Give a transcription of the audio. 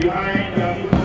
behind